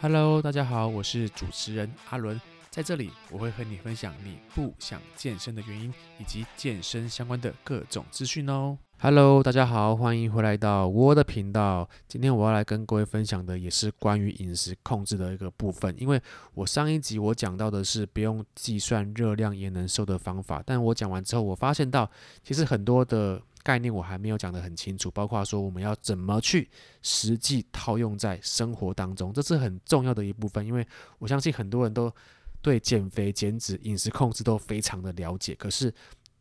Hello，大家好，我是主持人阿倫。在這裡，我會和你分享你不想健身的原因，以及健身相關的各種資訊哦。Hello，大家好，歡迎回來到我的頻道。今天我要來跟各位分享的也是關於飲食控制的一個部分。因為我上一集我講到的是不用計算熱量也能瘦的方法，但我講完之後，我發現到其實很多的概念我還沒有講得很清楚，包括說我們要怎麼去實際套用在生活當中，這是很重要的一部分。因為我相信很多人都。對減肥、減脂、飲食控制都非常的了解，可是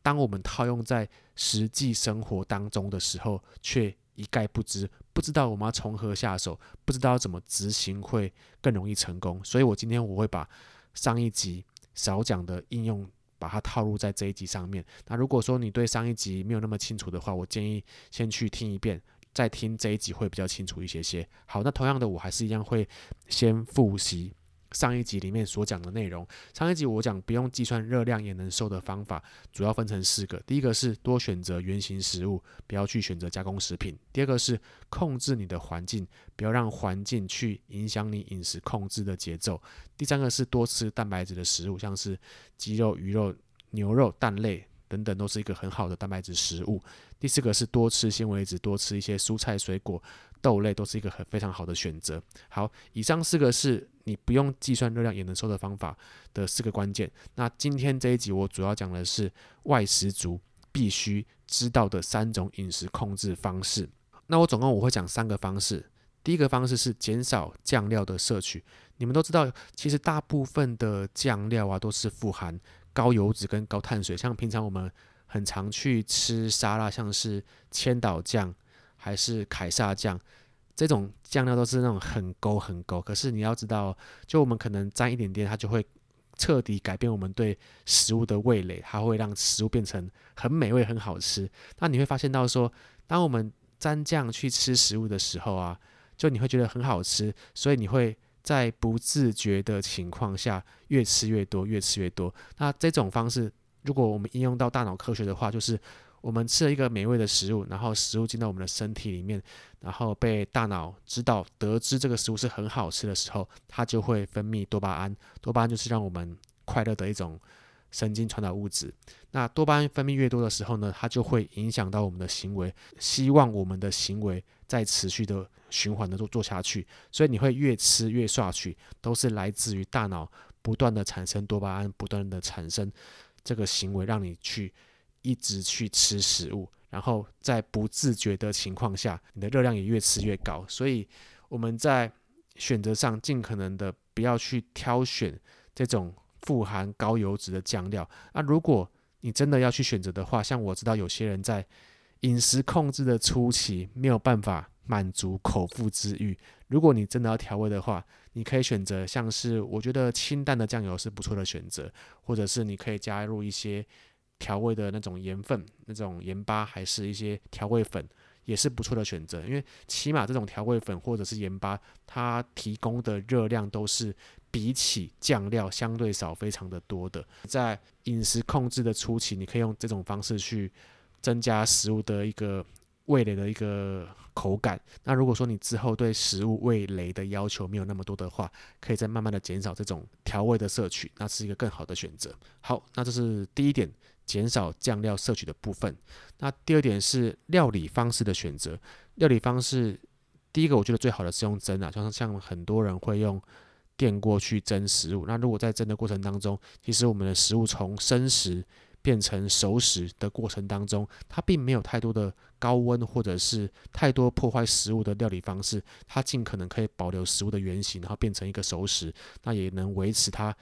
當我們套用在實際生活當中的時候，卻一概不知，不知道我們要從何下手，不知道怎麼執行會更容易成功。所以我今天我會把上一集少講的應用，把它套入在這一集上面。那如果說你對上一集沒有那麼清楚的話，我建議先去聽一遍，再聽這一集會比較清楚一些些。好，那同樣的，我還是一樣會先複習。上一集裡面所講的內容，上一集我講不用計算熱量也能瘦的方法，主要分成四個。第一個是多選擇原型食物，不要去選擇加工食品。第二個是控制你的環境，不要讓環境去影響你飲食控制的節奏。第三個是多吃蛋白質的食物，像是雞肉、魚肉、牛肉、蛋類。等等都是一個很好的蛋白質食物。第四個是多吃纖維質，多吃一些蔬菜、水果、豆類，都是一個很非常好的選擇。好，以上四個是你不用計算熱量也能瘦的方法的四個關鍵。那今天這一集我主要講的是外食族必須知道的三種飲食控制方式。那我總共我會講三個方式。第一個方式是減少醬料的攝取。你們都知道，其實大部分的醬料啊都是富含高油脂跟高碳水，像平常我們很常去吃沙拉，像是千島醬還是凱撒醬，這種醬料都是那種很勾很勾。可是你要知道，就我們可能沾一點點，它就會徹底改變我們對食物的味蕾，它會讓食物變成很美味、很好吃。那你會發現到說，當我們沾醬去吃食物的時候啊，就你會覺得很好吃，所以你會。在不自覺的情況下，越吃越多，越吃越多。那這種方式，如果我們應用到大腦科學的話，就是我們吃了一個美味的食物，然後食物進到我們的身體裡面，然後被大腦知道、得知這個食物是很好吃的時候，它就會分泌多巴胺。多巴胺就是讓我們快樂的一種神經傳導物質。那多巴胺分泌越多的時候呢，它就會影響到我們的行為，希望我們的行為在持續的。循環的做做下去，所以你會越吃越下去，都是來自於大腦不斷的產生多巴胺，不斷的產生這個行為，讓你去一直去吃食物，然後在不自覺的情況下，你的熱量也越吃越高。所以我們在選擇上，盡可能的不要去挑選這種富含高油脂的醬料。那、啊、如果你真的要去選擇的話，像我知道有些人在飲食控制的初期沒有辦法。滿足口腹之慾。如果你真的要調味的話，你可以選擇像是我覺得清淡的醬油是不錯的選擇，或者是你可以加入一些調味的那種鹽分、那種鹽巴，還是一些調味粉，也是不錯的選擇。因為起碼這種調味粉或者是鹽巴，它提供的熱量都是比起醬料相對少非常的多的。在飲食控制的初期，你可以用這種方式去增加食物的一個。味蕾的一個口感。那如果說你之後對食物味蕾的要求沒有那麼多的話，可以再慢慢的減少這種調味的攝取，那是一個更好的選擇。好，那這是第一點，減少醬料攝取的部分。那第二點是料理方式的選擇。料理方式，第一個我覺得最好的是用蒸啊，像像很多人會用電鍋去蒸食物。那如果在蒸的過程當中，其實我們的食物從生食。變成熟食的過程當中，它並沒有太多的高溫或者是太多破壞食物的料理方式，它盡可能可以保留食物的原型，然後變成一個熟食，那也能維持它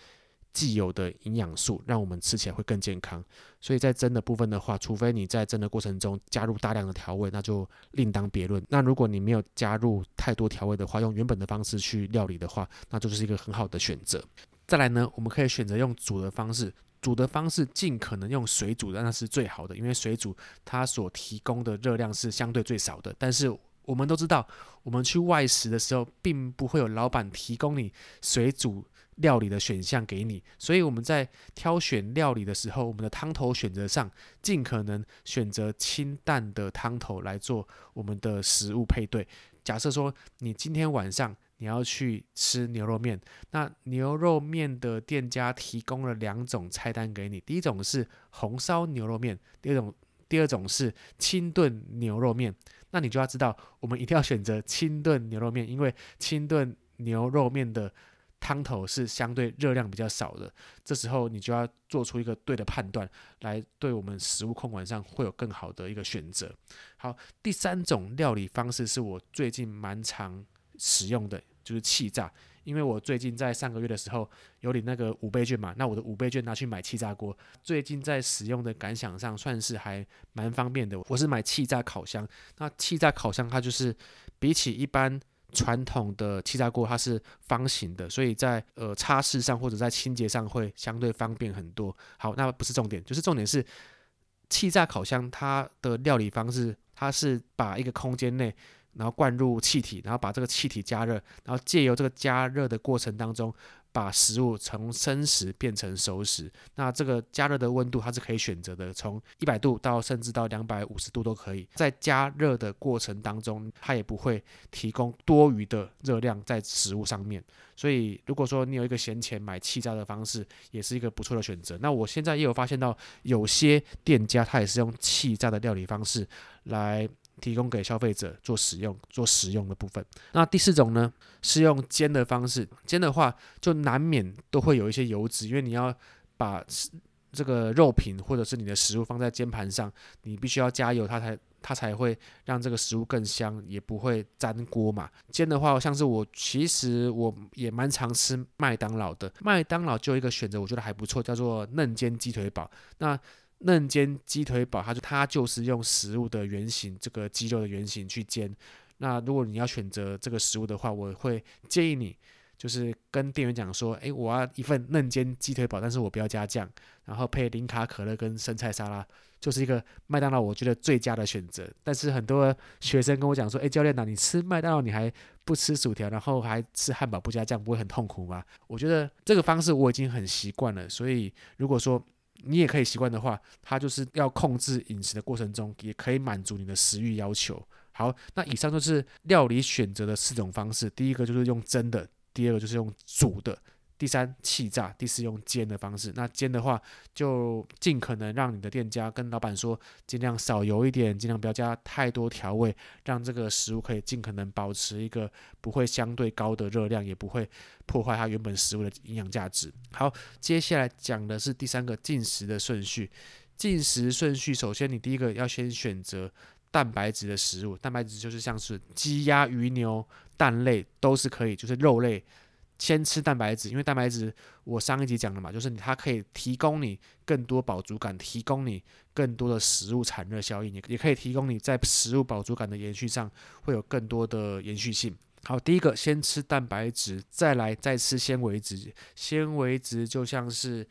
既有的營養素，讓我們吃起來會更健康。所以在蒸的部分的話，除非你在蒸的過程中加入大量的調味，那就另當別論。那如果你沒有加入太多調味的話，用原本的方式去料理的話，那就是一個很好的選擇。再來呢，我們可以選擇用煮的方式。煮的方式盡可能用水煮的，那是最好的，因為水煮它所提供的熱量是相對最少的。但是我們都知道，我們去外食的時候，並不會有老闆提供你水煮料理的選項給你，所以我們在挑選料理的時候，我們的湯頭選擇上，盡可能選擇清淡的湯頭來做我們的食物配對。假設說你今天晚上你要去吃牛肉麵，那牛肉麵的店家提供了兩種菜單給你，第一種是紅燒牛肉麵，第二種第二種是清燉牛肉麵。那你就要知道，我們一定要選擇清燉牛肉麵，因為清燉牛肉麵的。湯頭是相對熱量比較少的，這時候你就要做出一個對的判斷，來對我們食物控管，上會有更好的一個選擇。好，第三種料理方式是我最近蠻常使用的，就是氣炸，因為我最近在上個月的時候有領那個五倍券嘛，那我的五倍券拿去買氣炸鍋，最近在使用的感想上算是還蠻方便的。我是買氣炸烤箱，那氣炸烤箱它就是比起一般。傳統的氣炸鍋它是方形的，所以在呃擦拭上，或者在清潔上會相對方便很多。好，那不是重點，就是重點是氣炸烤箱它的料理方式，它是把一個空間內。然後灌入氣體，然後把這個氣體加熱，然後借由這個加熱的過程當中，把食物從生食變成熟食。那這個加熱的溫度它是可以選擇的，從一百度到甚至到兩百五十度都可以。在加熱的過程當中，它也不會提供多餘的熱量在食物上面。所以，如果說你有一個閒錢買氣炸的方式，也是一個不錯的選擇。那我現在也有發現到，有些店家它也是用氣炸的料理方式來。提供給消費者做使用、做食用的部分。那第四種呢，是用煎的方式。煎的話，就難免都會有一些油脂，因為你要把這個肉品或者是你的食物放在煎盤上，你必須要加油，它才它才會讓這個食物更香，也不會粘鍋嘛。煎的話，像是我其實我也蠻常吃麥當勞的，麥當勞就有一個選擇，我覺得還不錯，叫做嫩煎雞腿堡。那嫩煎雞腿堡，它就它就是用食物的原型，這個雞肉的原型去煎。那如果你要選擇這個食物的話，我會建議你，就是跟店員講說，誒，我要一份嫩煎雞腿堡，但是我不要加醬，然後配零卡可樂跟生菜沙拉，就是一個麥當勞我覺得最佳的選擇。但是很多學生跟我講說，誒，教練吶，你吃麥當勞你還不吃薯條，然後還吃漢堡不加醬，不會很痛苦嗎？我覺得這個方式我已經很習慣了，所以如果說。你也可以習慣的話，它就是要控制飲食的過程中，也可以滿足你的食慾要求。好，那以上就是料理選擇的四種方式，第一個就是用蒸的，第二個就是用煮的。第三，氣炸；第四，用煎的方式。那煎的話，就盡可能讓你的店家跟老闆說，盡量少油一點，盡量不要加太多調味，讓這個食物可以盡可能保持一個不會相對高的熱量，也不會破壞它原本食物的營養價值。好，接下來講的是第三個進食的順序。進食順序，首先你第一個要先選擇蛋白質的食物，蛋白質就是像是雞、鴨、魚、牛、蛋類都是可以，就是肉類。先吃蛋白質，因為蛋白質我上一集講了嘛，就是它可以提供你更多飽足感，提供你更多的食物產熱效應，也也可以提供你在食物飽足感的延續上會有更多的延續性。好，第一個先吃蛋白質，再來再吃纖維質，纖維質就像是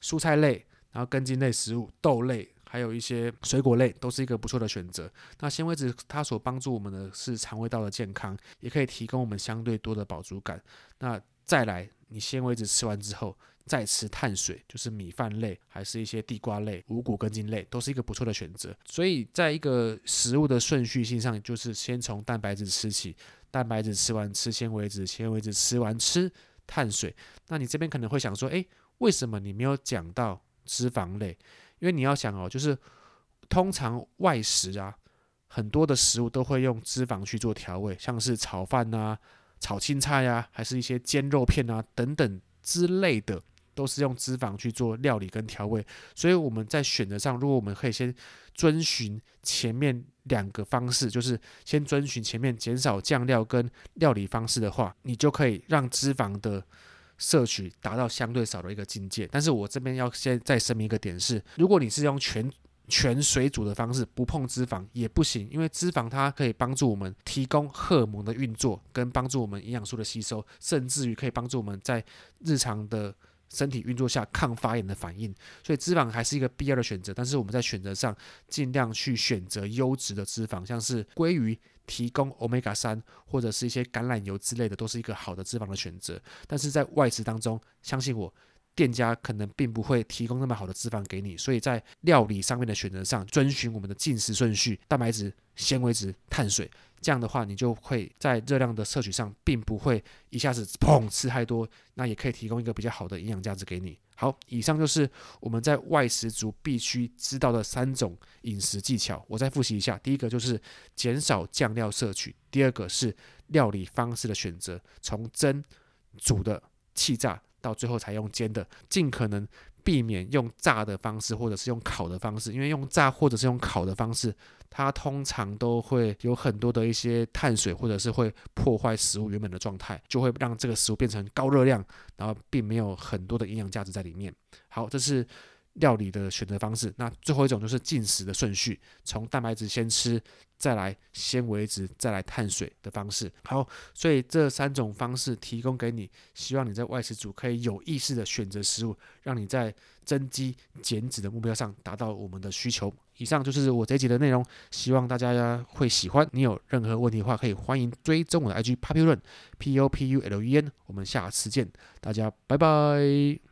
蔬菜類，然後根莖類食物、豆類。還有一些水果類都是一個不錯的選擇。那纖維質它所幫助我們的是腸胃道的健康，也可以提供我們相對多的飽足感。那再來，你纖維質吃完之後再吃碳水，就是米飯類，還是一些地瓜類、五谷根莖類，都是一個不錯的選擇。所以，在一個食物的順序性上，就是先從蛋白質吃起，蛋白質吃完吃纖維質，纖維質吃完吃碳水。那你這邊可能會想說，誒，為什麼你沒有講到脂肪類？因為你要想哦，就是通常外食啊，很多的食物都會用脂肪去做調味，像是炒飯啊，炒青菜啊，還是一些煎肉片啊，等等之類的，都是用脂肪去做料理跟調味。所以我們在選擇上，如果我們可以先遵循前面兩個方式，就是先遵循前面減少醬料跟料理方式的話，你就可以讓脂肪的。攝取達到相對少的一個境界，但是我這邊要先再聲明一個點是，如果你是用全全水煮的方式，不碰脂肪也不行，因為脂肪它可以幫助我們提供荷爾蒙的運作，跟幫助我們營養素的吸收，甚至於可以幫助我們在日常的。身體運作下抗發炎的反應，所以脂肪還是一個必要的選擇。但是我們在選擇上，盡量去選擇優質的脂肪，像是鮭魚提供歐米伽三，或者是一些橄欖油之類的，都是一個好的脂肪的選擇。但是在外食當中，相信我。店家可能並不會提供那麼好的脂肪給你，所以在料理上面的選擇上，遵循我們的進食順序：蛋白質、纖維質、碳水。這樣的話，你就會在熱量的攝取上，並不會一下子砰吃太多。那也可以提供一個比較好的營養價值給你。好，以上就是我們在外食族必須知道的三種飲食技巧。我再複習一下：第一個就是減少醬料攝取；第二個是料理方式的選擇，從蒸、煮的氣炸。到最後才用煎的，盡可能避免用炸的方式，或者是用烤的方式，因為用炸或者是用烤的方式，它通常都會有很多的一些碳水，或者是會破壞食物原本的狀態，就會讓這個食物變成高熱量，然後並沒有很多的營養價值在裡面。好，這是。料理的選擇方式，那最後一種就是進食的順序，從蛋白質先吃，再來纖維質，再來碳水的方式。好，所以這三種方式提供給你，希望你在外食族可以有意識的選擇食物，讓你在增肌減脂的目標上達到我們的需求。以上就是我這一集的內容，希望大家會喜歡。你有任何問題的話，可以歡迎追蹤我的 IG Populen，P O P U L E N。我們下次見，大家拜拜。